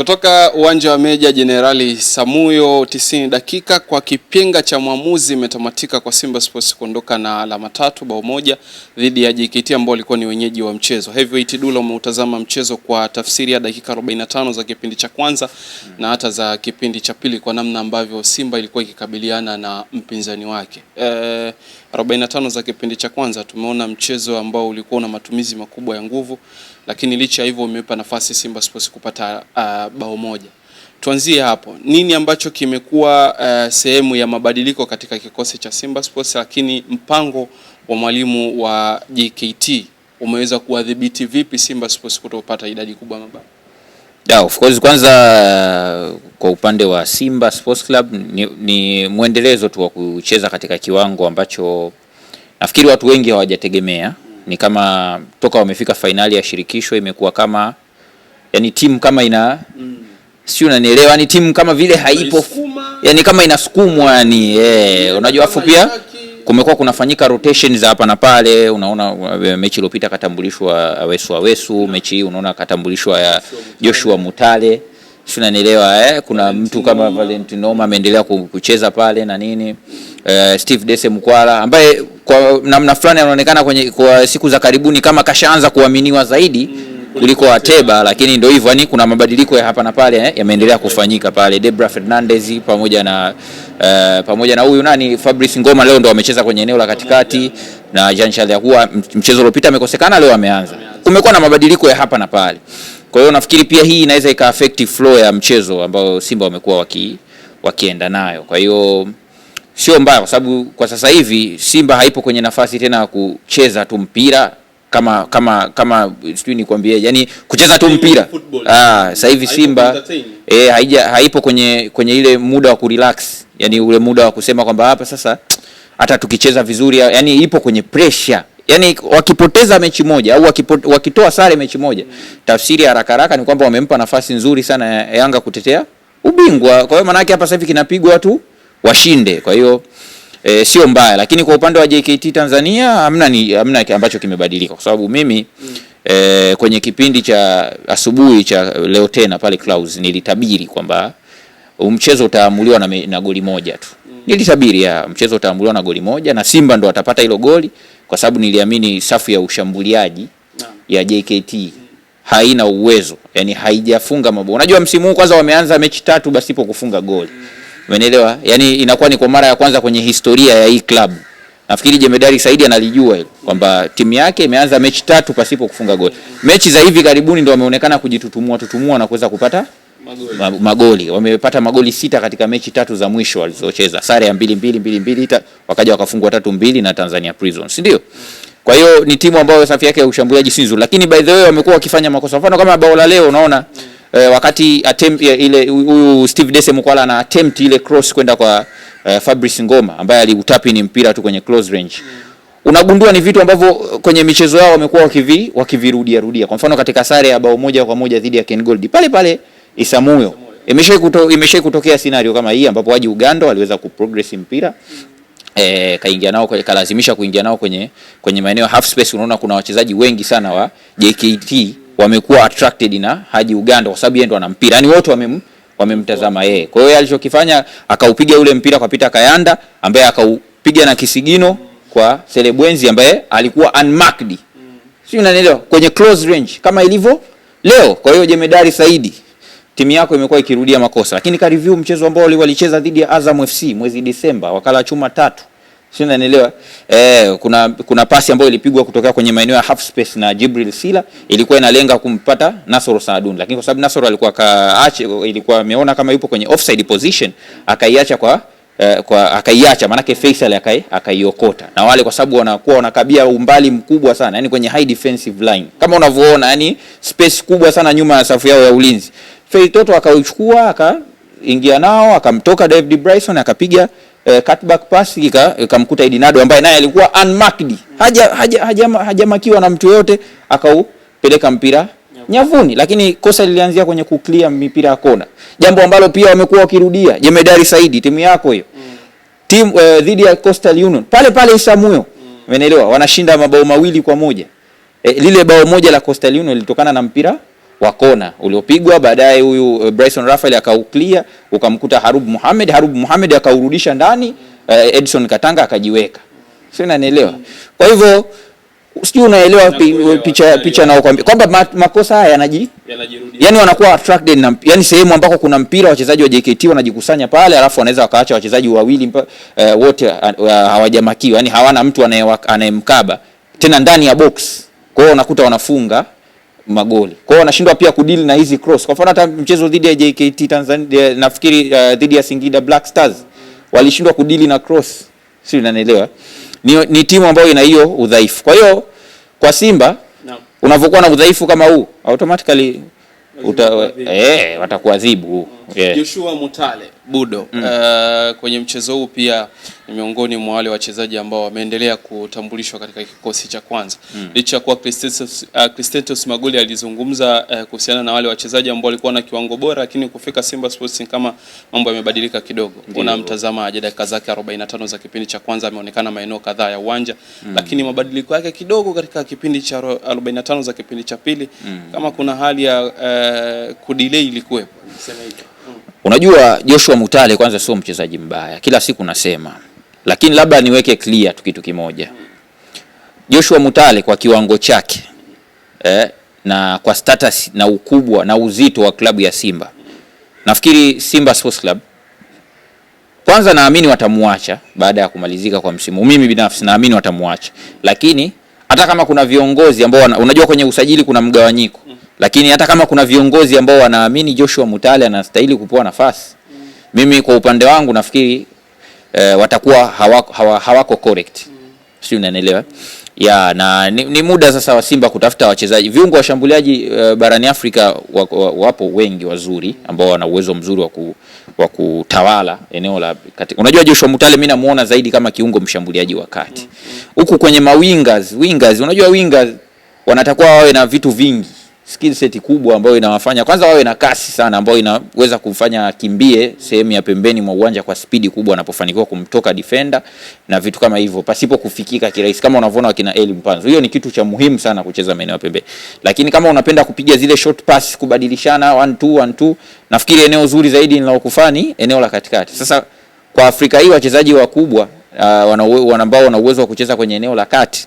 Kutoka uwanja wa Meja Jenerali Samuyo, 90 dakika kwa kipenga cha mwamuzi imetamatika kwa Simba Sports kuondoka na alama tatu, bao moja dhidi ya JKT ambao walikuwa ni wenyeji wa mchezo. Heavyweight Dulla umeutazama mchezo kwa tafsiri ya dakika 45 za kipindi cha kwanza hmm, na hata za kipindi cha pili kwa namna ambavyo Simba ilikuwa ikikabiliana na mpinzani wake. Eh, 45 za kipindi cha kwanza tumeona mchezo ambao ulikuwa na matumizi makubwa ya nguvu, lakini licha ya hivyo umeipa nafasi Simba Sports kupata uh, bao moja. Tuanzie hapo, nini ambacho kimekuwa uh, sehemu ya mabadiliko katika kikosi cha Simba Sports, lakini mpango wa mwalimu wa JKT umeweza kuwadhibiti vipi Simba Sports kutopata idadi kubwa mabao? Yeah, of course kwanza kwa upande wa Simba Sports Club ni, ni mwendelezo tu wa kucheza katika kiwango ambacho nafikiri watu wengi hawajategemea. Ni kama toka wamefika fainali ya shirikisho imekuwa kama yani timu kama ina mm. sio, unanielewa, ni timu kama vile haipo, yani kama inasukumwa yani, eh, unajua afu pia kumekuwa kunafanyika rotation za hapa na pale. Unaona eh, mechi iliyopita akatambulishwa Awesu Awesu, mechi hii unaona akatambulishwa ya Joshua Mutale, si unanielewa eh? Kuna mtu kama Valentino ameendelea kucheza pale na nini eh, Steve Dese Mkwala ambaye kwa namna fulani anaonekana kwenye kwa siku za karibuni kama kashaanza kuaminiwa zaidi mm kuliko Ateba, lakini ndio hivyo, yani kuna mabadiliko ya hapa na pale eh, yameendelea kufanyika pale. Debra Fernandez pamoja na uh, pamoja na huyu nani Fabrice Ngoma leo ndo wamecheza kwenye eneo la katikati na Jean Charles Ahoua, mchezo uliopita amekosekana, leo ameanza. Kumekuwa na mabadiliko ya hapa na pale, kwa hiyo nafikiri pia hii inaweza ika affect flow ya mchezo ambao Simba wamekuwa waki, wakienda nayo, kwa hiyo sio mbaya, kwa sababu kwa sasa hivi Simba haipo kwenye nafasi tena ya kucheza tu mpira kama kama kama sijui nikwambie, yani kucheza tu mpira ah. Sasa hivi Simba eh, haija haipo kwenye kwenye ile muda wa kurelax, yani ule muda wa kusema kwamba hapa sasa hata tukicheza vizuri, yani ipo kwenye pressure yani wakipoteza mechi moja au wakitoa sare mechi moja mm. tafsiri haraka haraka ni kwamba wamempa nafasi nzuri sana ya Yanga kutetea ubingwa. Kwa hiyo maana hapa sasa hivi kinapigwa watu washinde, kwa hiyo e, sio mbaya, lakini kwa upande wa JKT Tanzania hamna ni hamna ambacho kimebadilika kwa sababu mimi mm. e, kwenye kipindi cha asubuhi cha leo tena pale Clouds nilitabiri kwamba mchezo utaamuliwa na, na goli moja tu mm. nilitabiri ya ah, mchezo utaamuliwa na goli moja na Simba ndo atapata hilo goli kwa sababu niliamini safu ya ushambuliaji na ya JKT haina uwezo yani haijafunga mabao. Unajua msimu huu kwanza wameanza mechi tatu basi ipo kufunga goli mm. Umeelewa? Yaani inakuwa ni kwa mara ya kwanza kwenye historia ya hii club. Nafikiri Jemedari Saidi analijua hilo kwamba timu yake imeanza mechi tatu pasipo kufunga goli. Mechi za hivi karibuni ndio wameonekana kujitutumua tutumua na kuweza kupata magoli. Magoli. Wamepata magoli sita katika mechi tatu za mwisho walizocheza. Sare ya mbili mbili mbili mbili wakaja wakafungwa tatu mbili na Tanzania Prisons, si ndio? Kwa hiyo ni timu ambayo safi yake ya ushambuliaji si nzuri, lakini by the way wamekuwa wakifanya makosa. Mfano kama bao la leo unaona mm e, wakati attempt eh, ile huyu Steve Dese Mukwala ana attempt ile cross kwenda kwa e, Fabrice Ngoma ambaye aliutapi ni mpira tu kwenye close range mm. Unagundua ni vitu ambavyo kwenye michezo yao wamekuwa wakivi wakivirudia rudia. Kwa mfano katika sare ya bao moja kwa moja dhidi ya Ken Gold pale pale Isamuyo imesha kuto, imesha kutokea scenario kama hii ambapo waji Uganda waliweza kuprogress mpira E, kaingia nao kwenye, kalazimisha kuingia nao kwenye kwenye maeneo half space. Unaona kuna wachezaji wengi sana wa JKT wamekuwa attracted na Haji Uganda kwa sababu yeye ndo ana mpira, Yaani wote wamem, wamemtazama yeye. Kwa hiyo yeye alichokifanya akaupiga ule mpira kwa Peter Kayanda ambaye akaupiga na kisigino kwa Selebwenzi ambaye alikuwa unmarked, Mm. Sio, unanielewa, kwenye close range kama ilivyo leo. Kwa hiyo Jemedari Saidi, timu yako imekuwa ikirudia makosa, lakini ka review mchezo ambao walicheza dhidi ya Azam FC mwezi Disemba, wakala chuma tatu si unanielewa? Eh, kuna, kuna pasi ambayo ilipigwa kutoka kwenye maeneo ya half space na Jibril Sila ilikuwa inalenga kumpata Nasor Saadun, lakini kwa sababu Nasor alikuwa kaache, ilikuwa ameona kama yupo kwenye offside position akaiacha kwa eh, kwa akaiacha, maana yake Faisal akai akaiokota, na wale kwa sababu wanakuwa wanakabia umbali mkubwa sana, yani kwenye high defensive line kama unavyoona, yani space kubwa sana nyuma ya safu yao ya ulinzi. Faisal Toto akauchukua akaingia nao akamtoka David Bryson akapiga eh, cutback pass kika eh, kamkuta Edinado ambaye naye alikuwa unmarked, haja hajamakiwa haja, haja na mtu yoyote, akaupeleka mpira nyavuni, lakini kosa lilianzia kwenye kuclear mipira ya kona, jambo ambalo pia wamekuwa wakirudia. Jemedari Saidi, timu yako hiyo mm. timu eh, dhidi ya Coastal Union pale pale Isamuyo, mm. umeelewa mm. wanashinda mabao mawili kwa moja eh, lile bao moja la Coastal Union lilitokana na mpira wa kona uliopigwa, baadaye huyu eh, Bryson Rafael akauklia, ukamkuta Harub Muhammad, Harub Muhammad akaurudisha ndani, uh, eh, Edson Katanga akajiweka. Sio, unanielewa? Kwa hivyo sijui unaelewa pi, picha picha naokwambia kwamba makosa haya yanaji yanajirudia, yani wanakuwa attracted na yani sehemu ambako kuna mpira, wachezaji wa JKT wanajikusanya pale, alafu wanaweza wakaacha wachezaji wawili uh, wote uh, hawajamakiwa, yani hawana mtu anayemkaba tena ndani ya box. Kwa hiyo unakuta wanafunga magoli. Kwa hiyo wanashindwa pia kudili na hizi cross. Kwa mfano hata mchezo dhidi ya JKT Tanzania nafikiri uh, dhidi ya Singida Black Stars walishindwa kudili na cross. Si unanielewa? Ni, ni timu ambayo ina hiyo udhaifu. Kwa hiyo kwa Simba no. Unavyokuwa na udhaifu kama huu automatically uta, eh, watakuadhibu. Joshua Mutale Budo mm. Uh, kwenye mchezo huu pia ni miongoni mwa wale wachezaji ambao wameendelea kutambulishwa katika kikosi cha kwanza mm. Licha ya kuwa Cristentos, uh, eh, Maguli alizungumza uh, kuhusiana na wale wachezaji ambao walikuwa na kiwango bora, lakini kufika Simba Sports kama mambo yamebadilika kidogo. Una mtazamaje? Dakika zake 45 za kipindi cha kwanza ameonekana maeneo kadhaa ya uwanja mm. Lakini mabadiliko yake kidogo katika kipindi cha 45 za kipindi cha pili mm. Kama kuna hali ya uh, kudelay ilikuwepo Mm. Unajua Joshua Mutale kwanza sio mchezaji mbaya, kila siku nasema, lakini labda niweke clear tu kitu kimoja. Mm. Joshua Mutale kwa kiwango chake eh, na kwa status na ukubwa na uzito wa klabu ya Simba, nafikiri Simba Sports Club kwanza, naamini watamuacha baada ya kumalizika kwa msimu. Mimi binafsi naamini watamuacha, lakini hata kama kuna viongozi ambao unajua, kwenye usajili kuna mgawanyiko lakini hata kama kuna viongozi ambao wanaamini Joshua Mutale anastahili kupewa nafasi, mm. mimi kwa upande wangu nafikiri e, watakuwa hawako, hawako correct. mm. Sio, unanielewa? Ya, na ni, ni muda sasa wa Simba kutafuta wachezaji viungo washambuliaji uh, barani Afrika wako, wapo wengi wazuri ambao wana uwezo mzuri wa wa kutawala eneo la kati. Unajua Joshua Mutale mimi namuona zaidi kama kiungo mshambuliaji wa kati huku mm -hmm. Kwenye mawingers wingers, unajua wingers wanatakuwa wawe na vitu vingi skill set kubwa ambayo inawafanya kwanza wawe na kasi sana ambayo inaweza kumfanya akimbie sehemu ya pembeni mwa uwanja kwa spidi kubwa anapofanikiwa kumtoka defender na vitu kama hivyo pasipo kufikika kirahisi kama unavyoona wakina Eli Mpanzu. Hiyo ni kitu cha muhimu sana kucheza maeneo ya pembeni. Lakini kama unapenda kupiga zile short pass kubadilishana 1 2 1 nafikiri eneo zuri zaidi linalokufaa ni eneo la katikati. Sasa kwa Afrika hii wachezaji wakubwa uh, ambao wana uwezo wa kucheza kwenye eneo la kati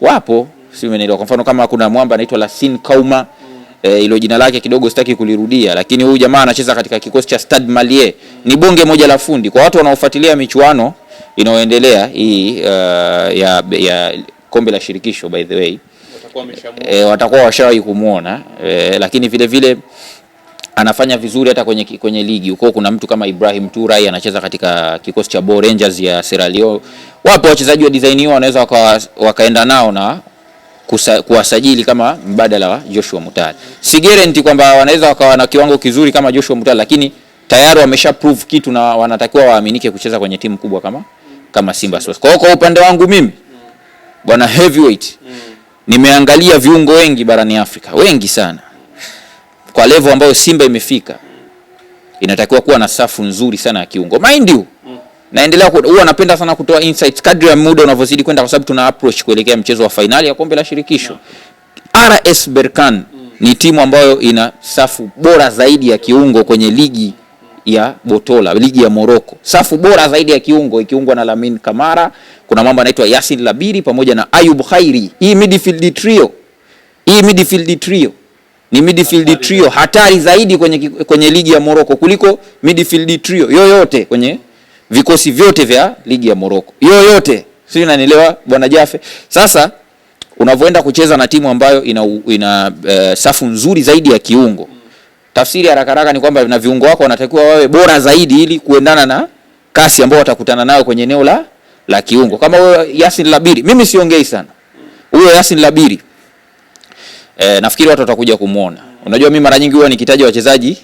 wapo sio kwa mfano kama kuna mwamba anaitwa Lassine Kauma E, ilo jina lake kidogo sitaki kulirudia, lakini huyu jamaa anacheza katika kikosi cha Stade Malien. Ni bonge moja la fundi kwa watu wanaofuatilia michuano inayoendelea hii uh, ya, ya kombe la shirikisho by the way watakuwa eh, washawahi kumwona e, lakini vile vile anafanya vizuri hata kwenye, kwenye ligi huko. Kuna mtu kama Ibrahim Turai anacheza katika kikosi cha Bo Rangers ya Sierra Leone. Wapo wachezaji wa design hiyo wanaweza waka, wakaenda nao na kuwasajili kama mbadala wa Joshua Mutale. Si guarantee kwamba wanaweza wakawa na kiwango kizuri kama Joshua Mutale, lakini tayari wamesha prove kitu na wanatakiwa waaminike kucheza kwenye timu kubwa kama kama Simba Sports. Kwa hiyo kwa upande wangu mimi bwana Heavyweight mm. nimeangalia viungo wengi barani Afrika, wengi sana. Kwa level ambayo Simba imefika, inatakiwa kuwa na safu nzuri sana ya kiungo. Mind you naendelea huwa napenda sana kutoa insights kadri ya muda unavyozidi kwenda, kwa sababu tuna approach kuelekea mchezo wa fainali ya kombe la shirikisho. RS mm. ni timu ambayo ina safu bora zaidi ya kiungo kwenye ligi ya Botola, ligi ya Morocco. Safu bora zaidi ya kiungo ikiungwa na Lamin Kamara, kuna mambo anaitwa Yasin Labiri pamoja na Ayub Khairi. Hii midfield trio, hii midfield trio ni midfield trio hatari zaidi kwenye, kwenye ligi ya Morocco kuliko midfield trio yoyote kwenye vikosi vyote vya ligi ya Morocco yoyote, sio? Unanielewa bwana Jafe? Sasa unavyoenda kucheza na timu ambayo ina, ina uh, safu nzuri zaidi ya kiungo, tafsiri haraka haraka ni kwamba na viungo wako wanatakiwa wawe bora zaidi ili kuendana na kasi ambayo watakutana nayo kwenye eneo la la kiungo. Kama wewe Yasin Labiri, mimi siongei sana huyo Yasin Labiri eh, nafikiri watu watakuja kumuona. Unajua, mimi mara nyingi huwa nikitaja wachezaji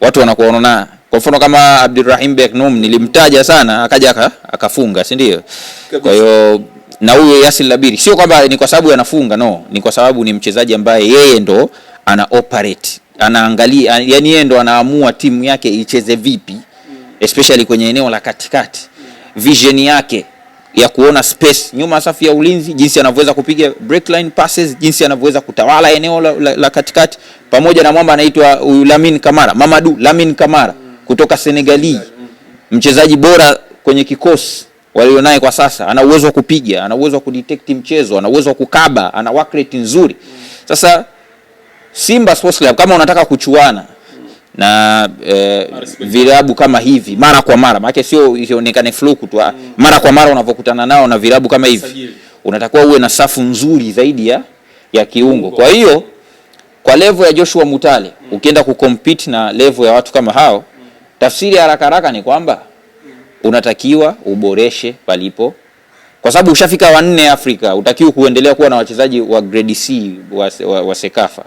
watu wanakuwa wanaona kwa mfano kama Abdulrahim Beknum nilimtaja sana akaja akafunga, si ndio? Kwa hiyo na huyo Yasin Labiri sio kwamba ni kwa sababu anafunga, no, ni kwa sababu ni mchezaji ambaye yeye ndo ana operate, anaangalia, yani yeye ndo anaamua timu yake icheze vipi, especially kwenye eneo la katikati, vision yake ya kuona space nyuma safu ya ulinzi, jinsi anavyoweza kupiga breakline passes, jinsi anavyoweza kutawala eneo la, la, la katikati, pamoja na mwamba anaitwa Lamin Kamara, Mamadu Lamin Kamara. mm kutoka Senegali, mchezaji bora kwenye kikosi walionaye kwa sasa, ana uwezo wa kupiga, ana uwezo wa kudetect mchezo, ana uwezo wa kukaba, ana work rate nzuri. Sasa Simba Sports Club kama unataka kuchuana na eh, vilabu kama hivi mara kwa mara, maana sio ionekane fluku tu, ah, mara kwa mara unavyokutana nao na vilabu kama hivi, unatakiwa uwe na safu nzuri zaidi ya ya kiungo. Kwa hiyo kwa level ya Joshua Mutale ukienda kucompete na level ya watu kama hao Tafsiri ya haraka haraka ni kwamba unatakiwa uboreshe palipo, kwa sababu ushafika wanne Afrika, utakiwa kuendelea kuwa na wachezaji wa grade C wa, wa, wa Sekafa.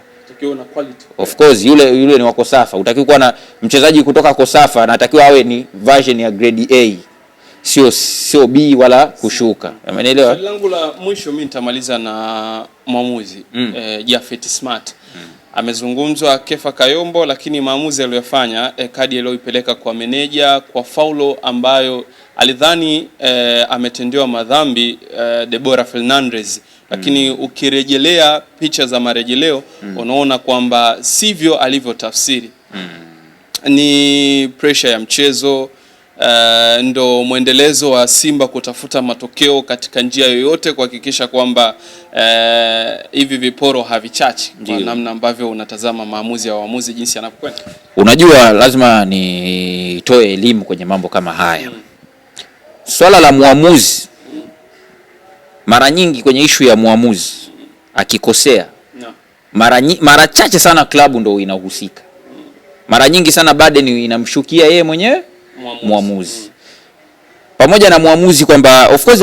Of course yule yule ni wa Kosafa, utakiwa kuwa na mchezaji kutoka Kosafa anatakiwa awe ni version ya grade A, sio sio B wala kushuka. Umeelewa? langu la mwisho mimi nitamaliza na mwamuzi mm. eh, Jafet Smart mm amezungumzwa Kefa Kayombo, lakini maamuzi aliyofanya eh, kadi aliyoipeleka kwa meneja kwa faulo ambayo alidhani eh, ametendewa madhambi eh, Debora Fernandez, lakini mm. ukirejelea picha za marejeleo mm. unaona kwamba sivyo alivyotafsiri mm. ni pressure ya mchezo uh, ndo mwendelezo wa Simba kutafuta matokeo katika njia yoyote kuhakikisha kwamba eh, hivi viporo havichachi kwa namna ambavyo unatazama maamuzi ya waamuzi jinsi yanavyokwenda. Unajua, lazima nitoe elimu kwenye mambo kama haya hmm. Swala la mwamuzi mara nyingi kwenye ishu ya mwamuzi akikosea mara, mara chache sana klabu ndo inahusika, mara nyingi sana ni inamshukia yeye mwenyewe mwamuzi pamoja na mwamuzi kwamba of course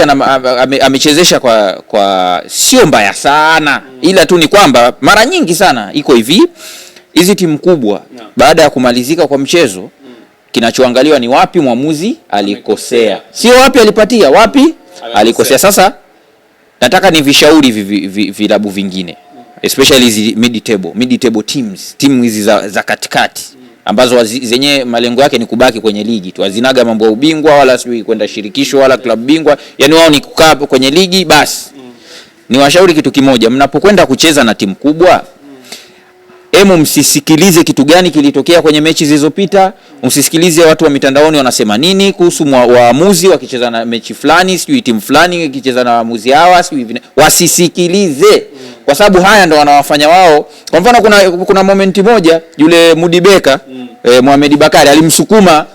amechezesha kwa, kwa sio mbaya sana mm. ila tu ni kwamba mara nyingi sana iko hivi hizi timu kubwa no. baada ya kumalizika kwa mchezo mm. kinachoangaliwa ni wapi mwamuzi alikosea, sio wapi alipatia, wapi alikosea. Sasa nataka ni vishauri vilabu vingine mm. especially hizi mid table mid table teams, timu hizi za, za katikati ambazo zenye malengo yake ni kubaki kwenye ligi tu, hazinaga mambo ya ubingwa wala sijui kwenda shirikisho wala klabu bingwa, yani wao ni kukaa kwenye ligi basi. Mm. Niwashauri kitu kimoja, mnapokwenda kucheza na timu kubwa mm. Emu, msisikilize kitu gani kilitokea kwenye mechi zilizopita. Mm. Msisikilize watu wa mitandaoni wanasema nini kuhusu waamuzi wakicheza na mechi fulani, sijui timu fulani ikicheza na waamuzi hawa, sijui wasisikilize. mm kwa sababu haya ndo wanawafanya wao. Kwa mfano kuna, kuna momenti moja yule Mudibeka mm. eh, Mohamed Bakari alimsukuma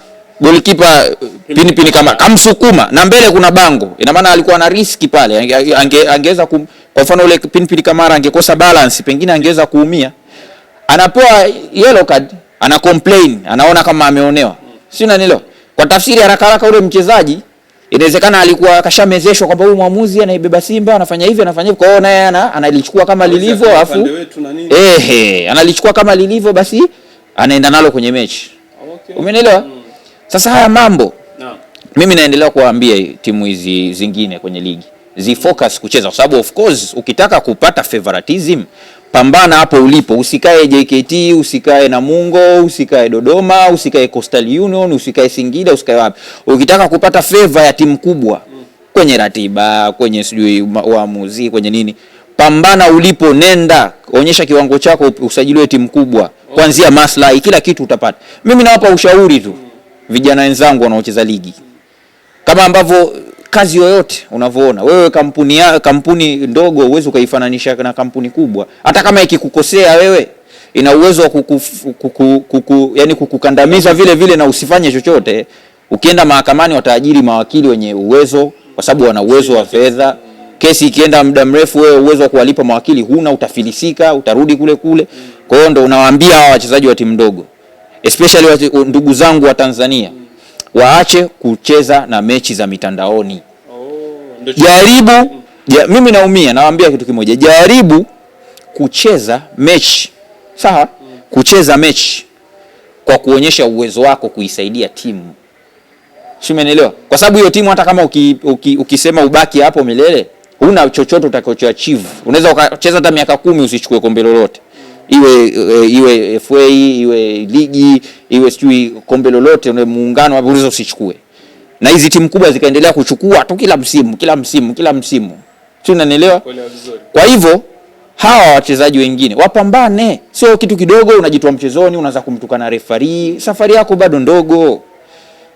golikipa eh, pini pini kama kamsukuma na mbele kuna bango, ina maana alikuwa na riski pale, angeweza ange, ange kum, kwa mfano ule pini Kamara angekosa balance, pengine angeweza kuumia. Anapewa yellow card, ana complain, anaona kama ameonewa, si unanielewa? Kwa tafsiri haraka haraka ule mchezaji Inawezekana alikuwa kashamezeshwa kwamba huyu mwamuzi anaibeba Simba anafanya hivi anafanya hivi, kwa hiyo naye ana analichukua kama lilivyo, afu ehe, analichukua kama lilivyo, basi anaenda nalo kwenye mechi okay. Umenielewa? Mm. Sasa haya mambo no. Mimi naendelea kuwaambia timu hizi zingine kwenye ligi zifocus kucheza, kwa sababu of course ukitaka kupata favoritism pambana hapo ulipo, usikae JKT, usikae Namungo, usikae Dodoma, usikae Coastal Union, usikae Singida, usikae wapi. Ukitaka kupata feva ya timu kubwa kwenye ratiba, kwenye sijui waamuzi, kwenye nini, pambana ulipo, nenda onyesha kiwango chako, usajiliwe timu kubwa, kuanzia maslahi, kila kitu utapata. Mimi nawapa ushauri tu vijana wenzangu wanaocheza ligi kama ambavyo kazi yoyote unavyoona wewe, kampuni ya, kampuni ndogo uwezi ukaifananisha na kampuni kubwa. Hata kama ikikukosea wewe, ina uwezo wa yani kukukandamiza vile vile na usifanye chochote. Ukienda mahakamani, wataajiri mawakili wenye uwezo, kwa sababu wana uwezo wa fedha. Kesi ikienda muda mrefu, wewe uwezo wa kuwalipa mawakili huna, utafilisika, utarudi kule kule. Kwa hiyo ndo unawaambia hawa wachezaji wa timu ndogo, especially ndugu zangu wa Tanzania waache kucheza na mechi za mitandaoni. Oh, jaribu ya, mimi naumia, nawaambia kitu kimoja, jaribu kucheza mechi sawa, mm. kucheza mechi kwa kuonyesha uwezo wako kuisaidia timu, si umenielewa? Kwa sababu hiyo timu hata kama uki, uki, ukisema ubaki hapo milele, huna chochote utakachoachieve. Unaweza ukacheza hata miaka kumi usichukue kombe lolote iwe e, iwe FA iwe ligi iwe sijui kombe lolote muungano hapo ulizo usichukue, na hizi timu kubwa zikaendelea kuchukua tu kila msimu kila msimu kila msimu, si unanielewa? Kwa hivyo hawa wachezaji wengine wapambane, sio kitu kidogo. Unajitoa mchezoni, unaanza kumtukana refari, safari yako bado ndogo,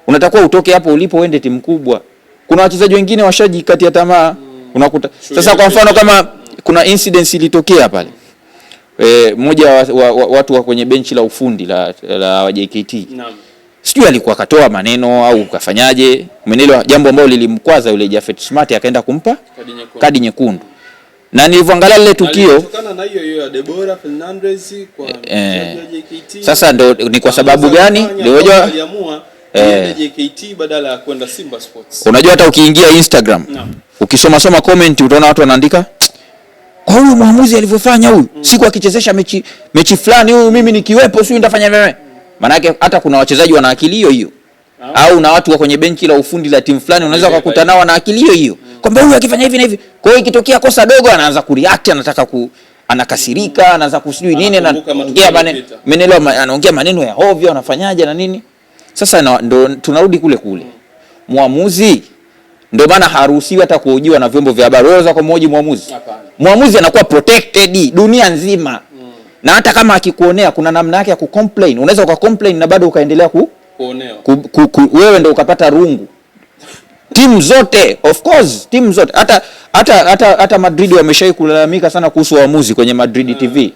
unatakiwa utoke hapo ulipo uende timu kubwa. Kuna wachezaji wengine washajikatia tamaa, mm. unakuta sasa. Kwa mfano kama kuna incidents ilitokea pale mmoja eh, e, wa, wa, watu wa kwenye benchi la ufundi la, la JKT sijui alikuwa akatoa maneno au kafanyaje, umeelewa? jambo ambalo lilimkwaza yule Jafet Smart akaenda kumpa kadi nyekundu na nilivyoangalia lile tukio na hiyo hiyo ya Debora Fernandez kwa eh, JKT. Sasa ndo ni kwa sababu gani ndio eh, JKT badala ya kwenda Simba Sports. Unajua hata ukiingia Instagram ukisoma soma comment utaona watu wanaandika kwa huyu mwamuzi alivyofanya huyu mm. siku akichezesha mechi mechi fulani huyu mimi nikiwepo sio nitafanya mimi. Maana yake hata kuna wachezaji wana akili hiyo hiyo. Au na watu wa kwenye benchi la ufundi la timu fulani unaweza kukuta nao wana akili hiyo hiyo. mm. Kwamba huyu akifanya hivi na hivi. Kwa hiyo ikitokea kosa dogo anaanza kureact, anataka ku anakasirika, mm. anaanza kusijui nini na anaongea maneno anaongea maneno ya ovyo, anafanyaje na nini? Sasa ndo tunarudi kule kule. mm. Mwamuzi ndio maana haruhusiwi hata kuhojiwa na vyombo vya habari. Waweza kumhoji mwamuzi? Hapana. Mwamuzi anakuwa protected dunia nzima mm. na hata kama akikuonea kuna namna yake ya kucomplain. Unaweza ukacomplain na bado ukaendelea ku kuonea ku, ku, ku, wewe ndio ukapata rungu timu zote of course, timu zote hata hata hata, hata Madrid wameshawahi kulalamika sana kuhusu waamuzi kwenye Madrid eh, TV, eh.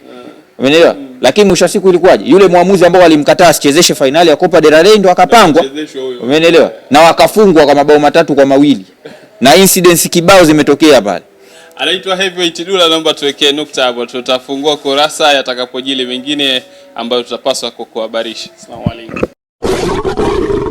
umeelewa? Mm. Lakini mwisho wa siku ilikuwaje? Yule mwamuzi ambao alimkataa asichezeshe fainali ya Copa del Rey ndo akapangwa, umeelewa? Na wakafungwa kwa mabao matatu kwa mawili na incidents kibao zimetokea pale. Anaitwa Heavyweight Dullah, naomba tuwekee nukta hapo, tutafungua kurasa yatakapojili mengine ambayo tutapaswa kukuhabarisha. Asalamu alaykum.